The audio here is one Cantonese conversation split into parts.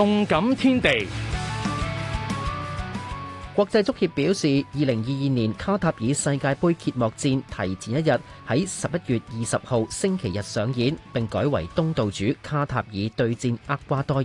動感天地，國際足協表示，二零二二年卡塔爾世界盃揭幕戰提前一日喺十一月二十號星期日上演，並改為東道主卡塔爾對戰厄瓜多爾。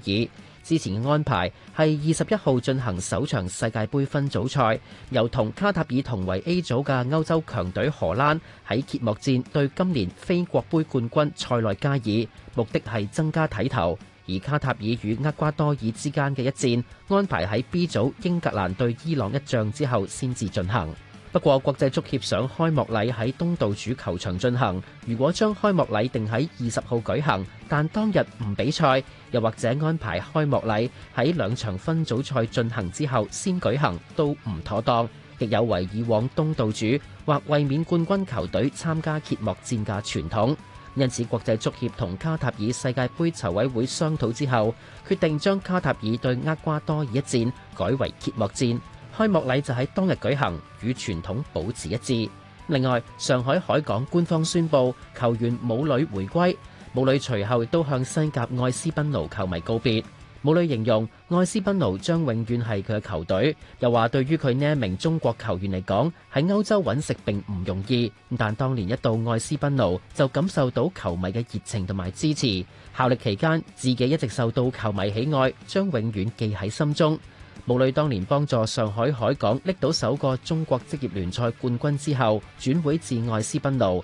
之前嘅安排係二十一號進行首場世界盃分組賽，由同卡塔爾同為 A 組嘅歐洲強隊荷蘭喺揭幕戰對今年非國盃冠軍塞內加爾，目的係增加睇頭。而卡塔爾與厄瓜多爾之間嘅一戰安排喺 B 組英格蘭對伊朗一仗之後先至進行。不過國際足協想開幕禮喺東道主球場進行，如果將開幕禮定喺二十號舉行，但當日唔比賽，又或者安排開幕禮喺兩場分組賽進行之後先舉行，都唔妥當，亦有違以往東道主或衛冕冠軍球隊參加揭幕戰嘅傳統。因此，國際足協同卡塔爾世界盃籌委會商討之後，決定將卡塔爾對厄瓜多爾一戰改為揭幕戰，開幕禮就喺當日舉行，與傳統保持一致。另外，上海海港官方宣布球員武磊回歸，武磊隨後都向西甲愛斯賓奴球迷告別。武磊形容愛斯賓奴將永遠係佢嘅球隊，又話對於佢呢一名中國球員嚟講，喺歐洲揾食並唔容易。咁但當年一到愛斯賓奴就感受到球迷嘅熱情同埋支持，效力期間自己一直受到球迷喜愛，將永遠記喺心中。武磊當年幫助上海海港拎到首個中國職業聯賽冠軍之後，轉會至愛斯賓奴。